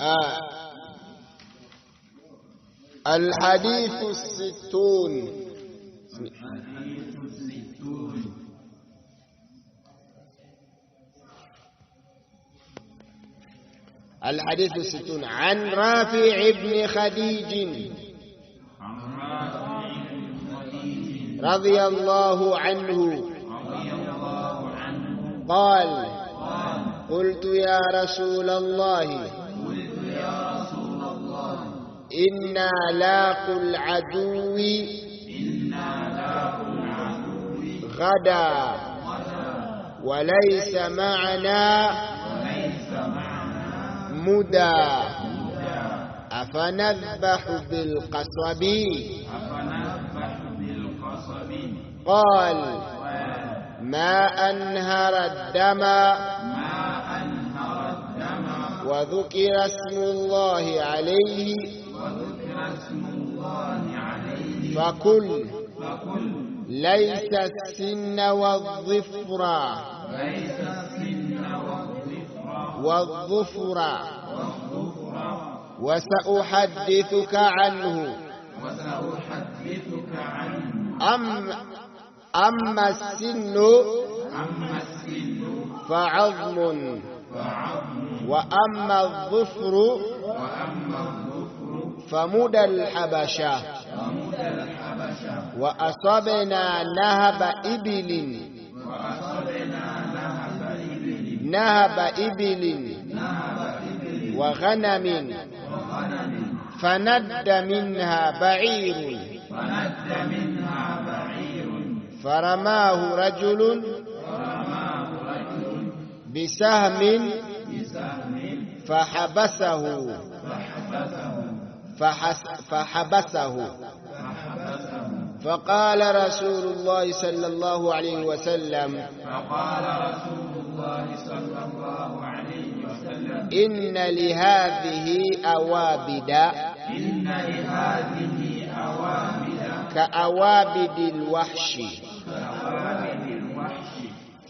آه الحديث الستون الحديث الستون عن رافع بن خديج رضي الله عنه قال قلت يا رسول الله إنا لاق العدو إنا العدو غدا وليس معنا مدى أفنذبح بالقصب قال ما أنهر الدم وذكر اسم الله عليه فكل ليس السن والظفر والظفر وسأحدثك عنه وسأحدثك عنه أم أما السن أما السن فعظم وأما الظفر وأما الظفر فمدى الحبشة وأصبنا نهب إبل نهب إبل وغنم فند منها بعير فرماه رجل بسهم فحبسه فحبسه فقال رسول الله صلى الله عليه وسلم فقال رسول الله صلى الله عليه وسلم إن لهذه أوابد إن لهذه أوابد كأوابد الوحش كأوابد الوحش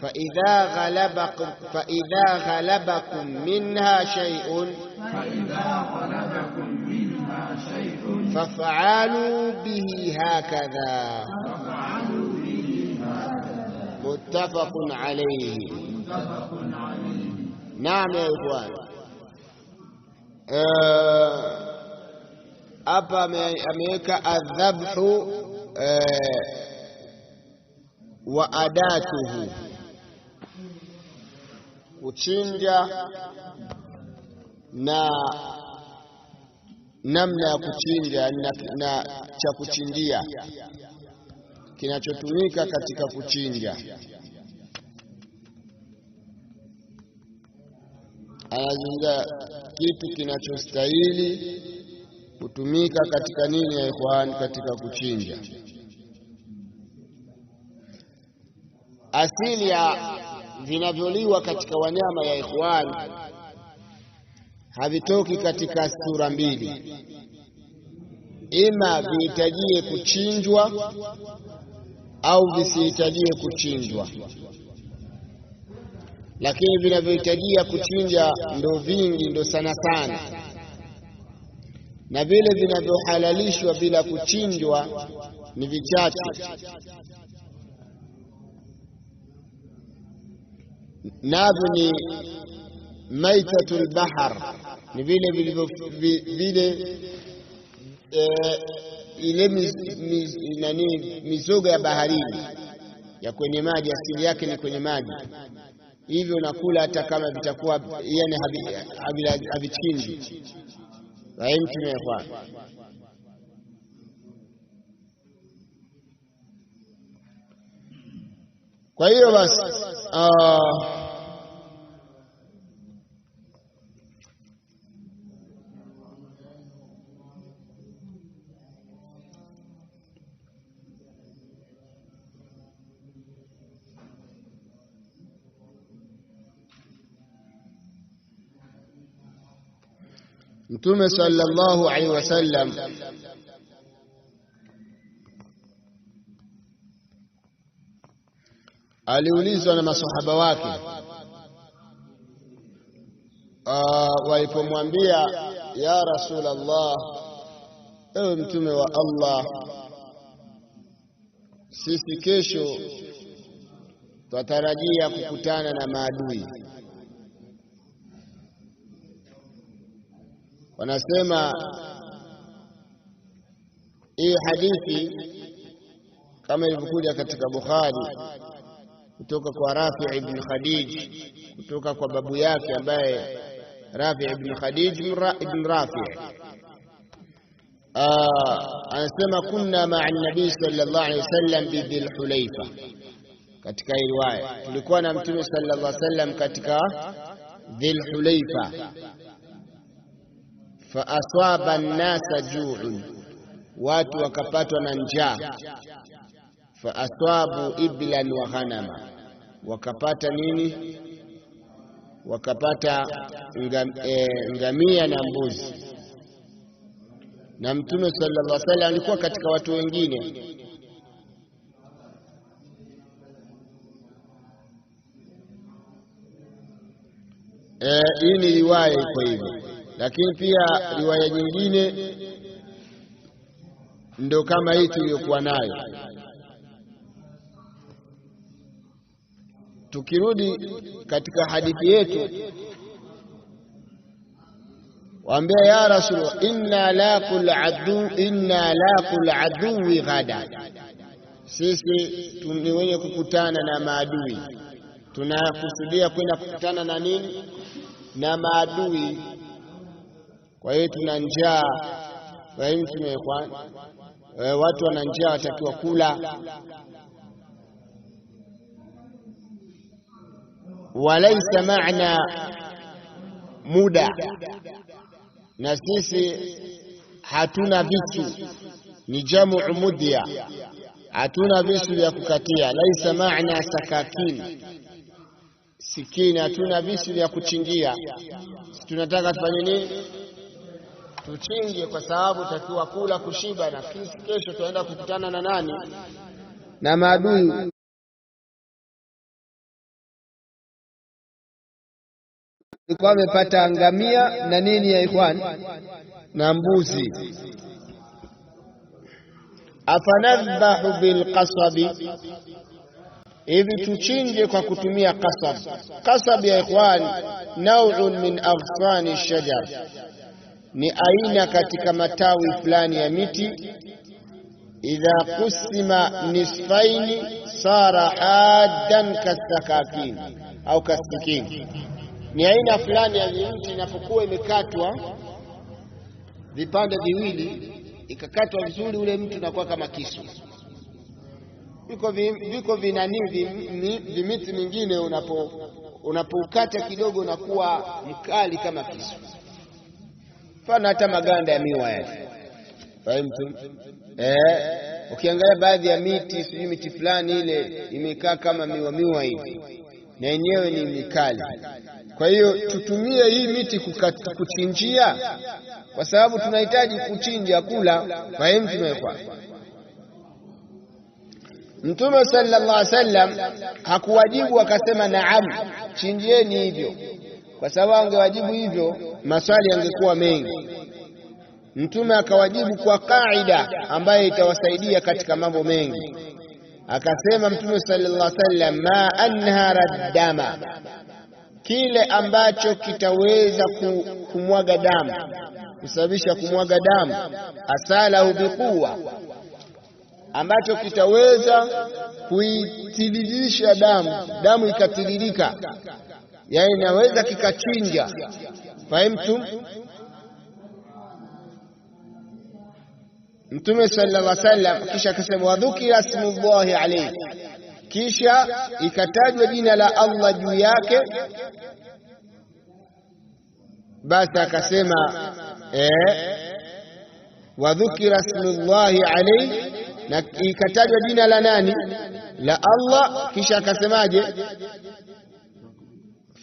فإذا غلبكم فإذا غلبكم منها شيء فإذا غلبكم ففعلوا به هكذا متفق عليه نعم يا إخوان آه، أبا أمريكا الذبح آه، وأداته وشنجا نا namna ya kuchinja na, na cha kuchinjia kinachotumika katika kuchinja. Anazungumza kitu kinachostahili kutumika katika nini ya ikhwan, katika kuchinja. Asili ya vinavyoliwa katika wanyama ya ikhwan havitoki katika sura mbili, ima vihitajie kuchinjwa au visihitajie kuchinjwa. Lakini vinavyohitajia kuchinja ndo vingi, ndo sana sana, na vile vinavyohalalishwa bila kuchinjwa ni vichache navyo ni maitatul bahar ni vile vilivyo vile eh, ile mis, mis, nani mizoga ya baharini ya kwenye maji, asili yake ni kwenye maji. Hivyo unakula hata kama vitakuwa yani havichinji. Fahimtum Kwa hiyo basi uh, Mtume sallallahu alaihi wasallam aliulizwa na masahaba wake ah, walipomwambia ya rasul Rasulullah, ewe mtume wa Allah, sisi kesho twatarajia kukutana na maadui Wanasema hii hadithi kama ilivyokuja katika Bukhari kutoka kwa Rafi ibn Khadij kutoka kwa babu yake ambaye Rafi ibn Khadij ibn Rafi ah, anasema kunna maa nabii sallallahu alayhi wasallam bi dhil hulaifa. Katika riwaya tulikuwa na Mtume sallallahu alayhi wasallam katika dhil hulaifa fa aswaba nnasa juun, watu wakapatwa na njaa. Fa aswabu iblan wa ghanama, wakapata nini? Wakapata ngam, e, ngamia na mbuzi. Na Mtume sallallahu alaihi wasallam alikuwa katika watu wengine e, hii e, ni riwaya iko hivyo. Lakini pia riwaya nyingine ndo kama hii tuliyokuwa nayo. Tukirudi katika hadithi yetu, waambia ya Rasulullah, inna laqul adu inna laqul aduwi ghada, sisi ni wenye kukutana na maadui. Tunakusudia kwenda kukutana na nini? Na maadui. Kwa hiyo tuna njaa aimtumeekwan eh, watu wana njaa, watakiwa kula. Walaisa maana muda, na sisi hatuna visu, ni jamu mudhya, hatuna visu vya kukatia. Laisa maana sakakini sikini, hatuna visu vya kuchingia. Tunataka tufanye nini? tuchinje, kwa sababu takiwa kula kushiba, na sisi kesho tunaenda kukutana na nani? Na maadui. Alikuwa amepata ngamia na nini ya ikhwan na mbuzi. afanadhbahu bilqasabi, hivi tuchinje kwa kutumia kasab. Kasab ya ikhwan, nauun min aghsani shajar ni aina katika matawi fulani ya miti idha kusima nisfaini sara haddan kasakakini au kasikini, ni aina fulani ya miti inapokuwa imekatwa vipande viwili, ikakatwa vizuri, ule mtu unakuwa kama kisu. Viko viko vinani vimiti mingine, unapoukata unapo kidogo, unakuwa mkali kama kisu mfano hata maganda ya miwa yale, fahimtu eh. Ukiangalia baadhi ya miti sijui miti fulani ile imekaa kama miwa miwa hivi, na yenyewe ni mikali. Kwa hiyo tutumie hii miti kuchinjia, kwa sababu tunahitaji kuchinja kula. Fahamtum kwa Mtume sallallahu alaihi wasallam hakuwajibu akasema naam, chinjieni hivyo kwa sababu angewajibu hivyo maswali yangekuwa mengi. Mtume akawajibu kwa kaida ambayo itawasaidia katika mambo mengi. Akasema Mtume sallallahu alaihi wasallam, ma anhara dama, kile ambacho kitaweza kumwaga damu, kusababisha kumwaga damu, asalahu biquwa, ambacho kitaweza kuitiririsha damu, damu ikatiririka yani naweza kikachinja. Fahimtu? Mtume sallallahu alaihi wasallam kisha akasema, wadhukira smullahi alayhi, kisha ikatajwa jina la Allah juu yake. Basi akasema eh, wadhukira smullahi alayhi, na ikatajwa jina la nani? La Allah. Kisha akasemaje?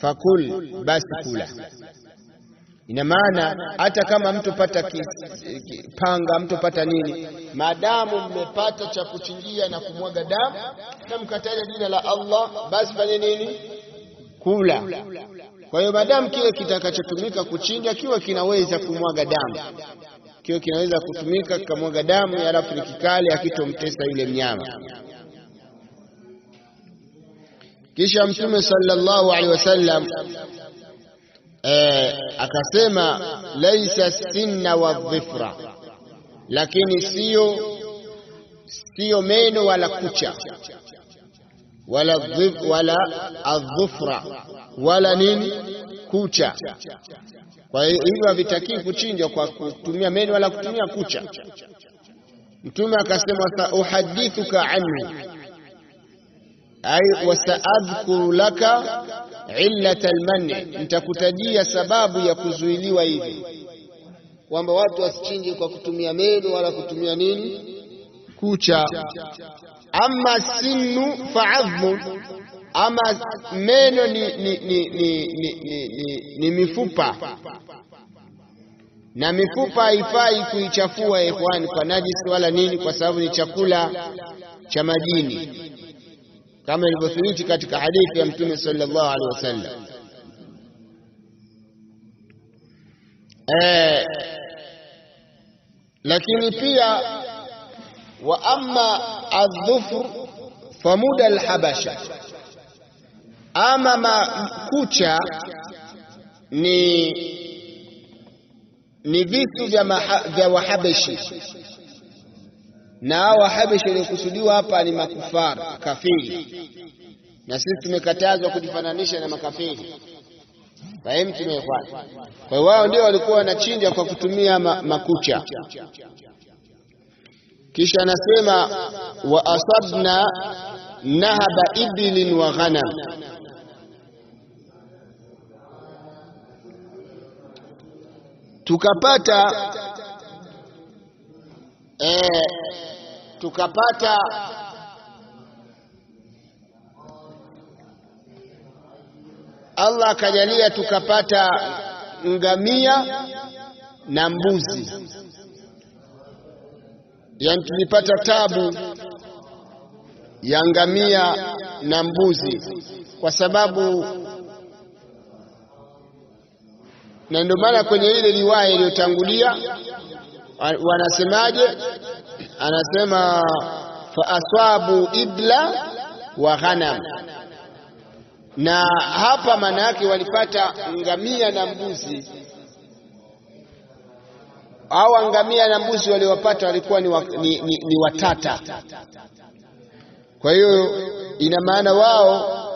fakul, basi kula. Ina maana hata kama mtopata panga mtopata nini, madamu mmepata cha kuchinjia na kumwaga damu na mkataja jina la Allah, basi fanye nini? Kula. Kwa hiyo maadamu kile kitakachotumika kuchinja kiwa kinaweza kumwaga damu kiwe kinaweza kutumika kikamwaga damu, alafu ni kikali, akitomtesa yule mnyama kisha Mtume sallallahu alaihi wasallam eh, akasema laisa sinna wadhifra, lakini sio sio meno wala kucha wala dhif, wala adhufra wala nini kucha. Kwa hivyo havitakii kuchinjwa kwa kutumia meno wala kutumia kucha. Mtume akasema, sa uhadithuka anhu ay wasaadhkuru laka illata almani, nitakutajia sababu ya kuzuiliwa hivi, kwamba watu wasichinje kwa kutumia meno wala kutumia nini kucha. Amma sinnu faadhmu, ama meno ni, ni, ni, ni, ni, ni, ni, ni mifupa na mifupa haifai kuichafua ikhwani, kwa najisi wala nini, kwa sababu ni chakula cha majini kama ilivyothibiti katika hadithi ya Mtume sallallahu alaihi wasallam. Eh, lakini pia wa amma adhufur famuda alhabasha, ama makucha ni ni vitu vya Wahabeshi na hao wahabeshi waliokusudiwa hapa ni makufar kafiri, na sisi tumekatazwa kujifananisha na makafiri. Fahimu ya ikhwan? Kwa hiyo wao ndio walikuwa wanachinja kwa kutumia ma makucha. Kisha anasema wa asabna nahaba ibilin wa ghanam tukapata e, tukapata Allah akajalia tukapata ngamia na mbuzi, yani tulipata tabu ya ngamia na mbuzi, kwa sababu na ndio maana kwenye ile riwaya iliyotangulia wanasemaje? Anasema faaswabu ibla wa ghanam, na hapa maana yake walipata ngamia na mbuzi, au ngamia na mbuzi waliowapata walikuwa ni, wa, ni, ni, ni watata. Kwa hiyo ina maana wao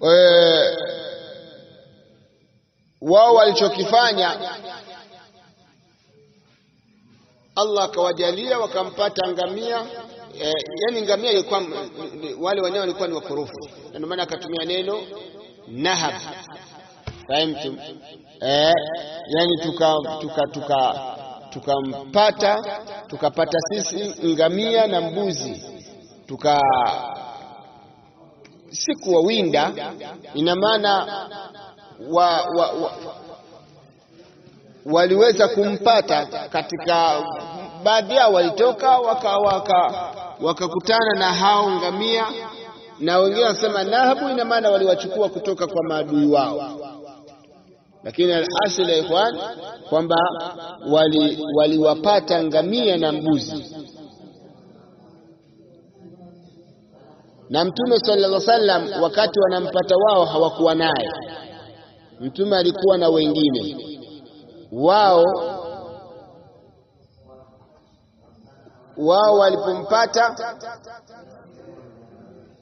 Eh, wao walichokifanya Allah akawajalia wakampata ngamia e, yani ngamia ilikuwa wale wenyewe walikuwa ni wakorofu, ndio maana akatumia neno nahab. Fahimtum? Eh, yani tuka tuka tuka tukampata tukapata sisi ngamia na mbuzi tuka si kuwawinda, ina maana wa, wa, wa, waliweza kumpata katika baadhi yao, walitoka wakakutana waka, waka na hao ngamia, na wengine wanasema nahabu, ina maana waliwachukua kutoka kwa maadui wao lakini alasili ya ikhwan kwamba waliwapata wali ngamia na mbuzi na Mtume sallallahu wasallam wakati wanampata wao hawakuwa naye Mtume, alikuwa na wengine wao. Wao walipompata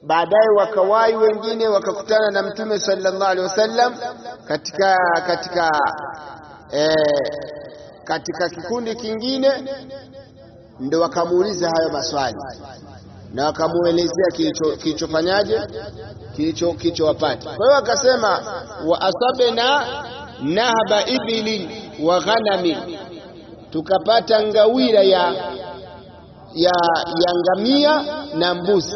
baadaye, wakawahi wengine wakakutana na Mtume sallallahu alaihi wasallam katika katika e, katika kikundi kingine, ndio wakamuuliza hayo maswali na akamuelezea kilichofanyaje kilicho kilichowapata. Kwa hiyo akasema wa asabena nahba ibilin wa ghanami, tukapata ngawira ya ya, ya ngamia na mbuzi.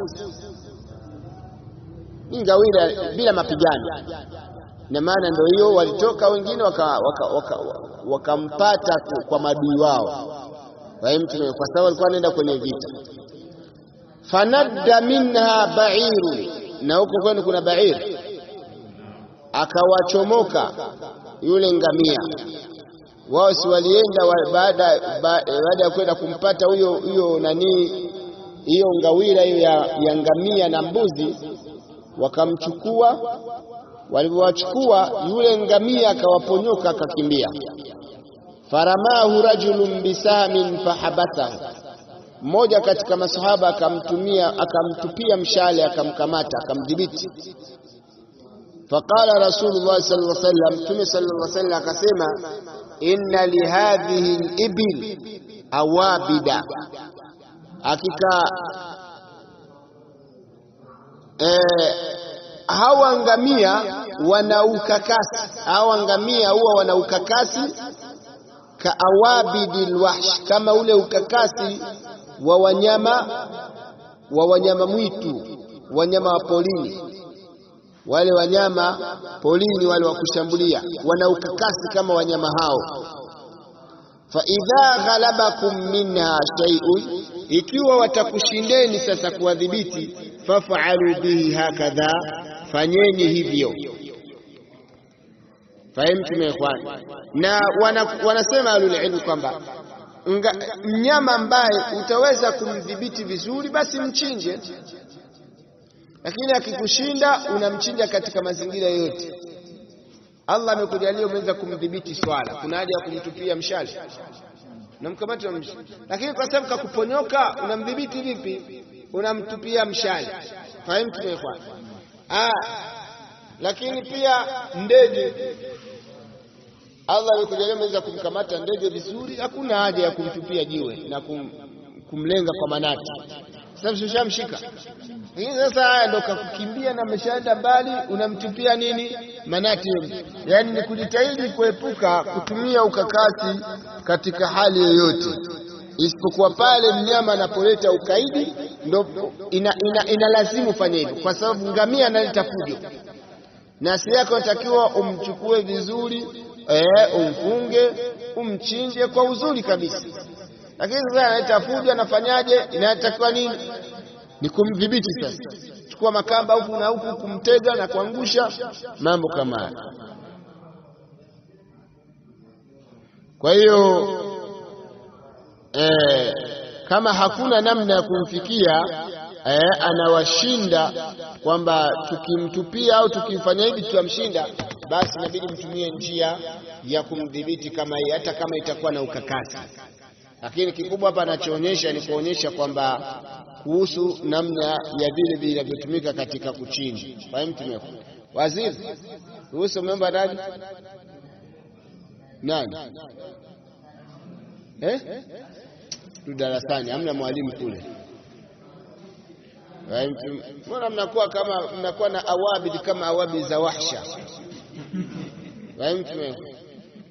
Ni ngawira bila mapigano, na maana ndio hiyo walitoka wengine wakampata waka, waka, waka kwa madui wao, kwa sababu walikuwa wanaenda kwenye vita fanadda minha bairu, na huko kwenu kuna bairi, akawachomoka yule ngamia wao si walienda wa baada eh, baada ya kwenda kumpata huyo huyo nani hiyo ngawira hiyo ya, ya ngamia na mbuzi, wakamchukua. Walivyowachukua yule ngamia akawaponyoka, akakimbia. faramahu rajulun bisamin fahabasahu, mmoja katika masahaba akamtumia akamtupia mshale akamkamata akamdhibiti faqala rasulullah sallallahu alaihi wasallam mtume sallallahu alaihi wasallam akasema inna lihadhihi libil awabida hakika eh, hawa ngamia wana ukakasi hawa ngamia huwa wana ukakasi awabidil wahsh, kama ule ukakasi wa wanyama wa wanyama mwitu, wanyama wa polini. Wale wanyama polini wale wa kushambulia wana ukakasi kama wanyama hao. fa idha ghalabakum minha shay'un, ikiwa watakushindeni sasa kuwadhibiti, fafalu bihi hakadha, fanyeni hivyo. Fahimu tumekwani na wanasema wana alulilmu kwamba Nga, mnyama ambaye utaweza kumdhibiti vizuri basi mchinje, lakini akikushinda unamchinja katika mazingira yote. Allah amekujalia umeweza kumdhibiti swala, kuna haja ya kumtupia mshale mshale? lakini kwa sababu kakuponyoka, unamdhibiti vipi? Unamtupia mshale. Fahamu tumekwana. Ah, lakini pia ndege Allah alikujalia mweza kumkamata ndege vizuri, hakuna haja ya kumtupia jiwe na kum, kumlenga kwa manati, sababu ushamshika. Lakini sasa haya ndo kakukimbia na ameshaenda mbali, unamtupia nini manati? Yani ni kujitahidi kuepuka kutumia ukakasi katika hali yoyote, isipokuwa pale mnyama anapoleta ukaidi, ndo inalazimu ina, ina fanye hivyo, kwa sababu ngamia analeta fujo, na asili yako umchukue vizuri eh, umfunge umchinje kwa uzuri kabisa. Lakini sasa analeta fujo, anafanyaje? Inatakiwa nini? Ni kumdhibiti sasa, chukua makamba huku na huku, kumtega na kuangusha, mambo kama haya. Kwa hiyo eh, kama hakuna namna ya kumfikia eh, anawashinda kwamba tukimtupia au tukimfanya hivi tutamshinda, basi inabidi mtumie njia ya kumdhibiti kama hii, hata kama itakuwa na ukakasi. Lakini kikubwa hapa anachoonyesha ni kuonyesha kwamba kuhusu namna ya vile vinavyotumika katika kuchini. Fahamu tumeku waziri kuhusu memba nani nani eh? tu darasani hamna mwalimu kule. Mbona mnakuwa kama mnakuwa na awabid kama awabid za wahsha?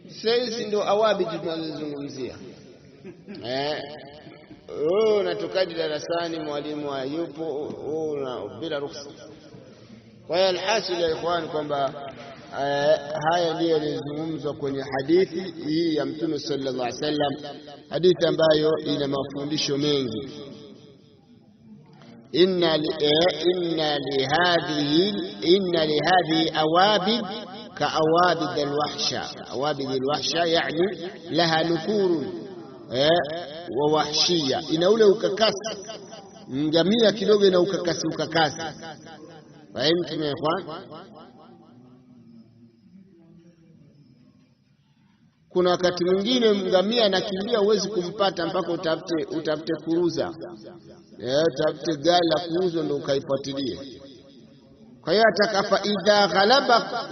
Sisi ndio awabid tunazozungumzia. Eh, wewe oh, darasani, mwalimu hayupo, oh, bila ruhusa. Kwa hiyo alhasil ya ikhwan kwamba eh, haya ndiyo yalizungumzwa kwenye hadithi hii ya Mtume sallallahu alaihi wasallam, hadithi ambayo ina mafundisho mengi inna lihadhihi eh, awabid kaawabid alwahsha, awabid alwahsha yani laha nukurun eh, wa wahshia, ina ule ukakasi ngamia kidogo, ina ukakasi ukakasi. Fahimtum Kuna wakati mwingine ngamia anakimbia, huwezi kumpata mpaka utafute utafute kuruza eh, tafute gari la kuuzwa ndio ukaifuatilie. Kwa hiyo ataka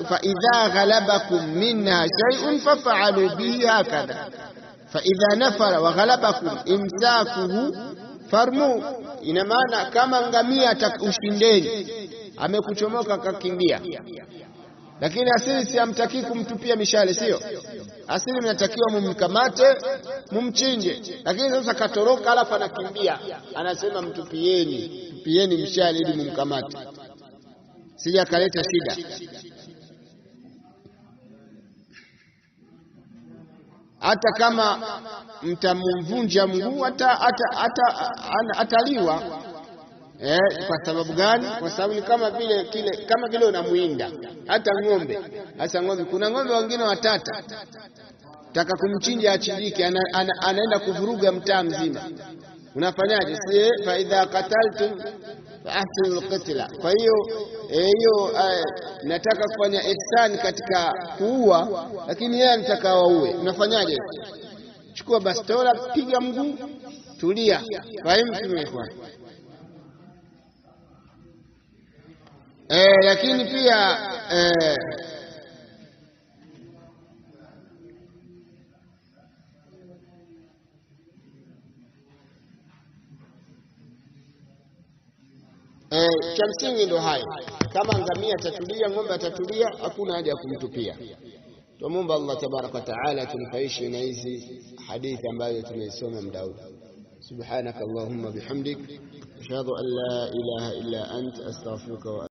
fa idha ghalabakum minha shay'un faf'alu bihi hakadha fa idha nafara wa ghalabakum imsakuhu farmu, ina maana kama ngamia ushindeni, amekuchomoka akakimbia lakini asili siamtakii kumtupia mishale, sio asili, mnatakiwa mumkamate mumchinje. Lakini sasa katoroka, alafu anakimbia, anasema mtupieni, tupieni mshale ili mumkamate, sija akaleta shida. Hata kama mtamvunja mguu, hata ataliwa Eh, kwa sababu gani? Kwa sababu ni kama vile kile kama kile unamuinda hata ng'ombe. Hasa ng'ombe, kuna ng'ombe wengine watata taka kumchinja achinjike, ana, ana, anaenda kuvuruga mtaa mzima. Unafanyaje? Si fa idha qataltum fa ahsinu alqitla. Kwa hiyo eh, hiyo e, nataka kufanya ihsan katika kuua, lakini yeye anataka waue. Unafanyaje? Chukua bastola, piga mguu, tulia. Fahimu kimekwa eh, lakini pia eh, Eh, cha msingi ndo hayo. Kama ngamia atatulia, ng'ombe atatulia, hakuna haja ya kumtupia. Tumwomba Allah tabaraka wataala tunufaishe na hizi hadithi ambazo tumeisoma muda huu. سبحانك اللهم بحمدك أشهد أن لا إله إلا أنت أستغفرك وأتوب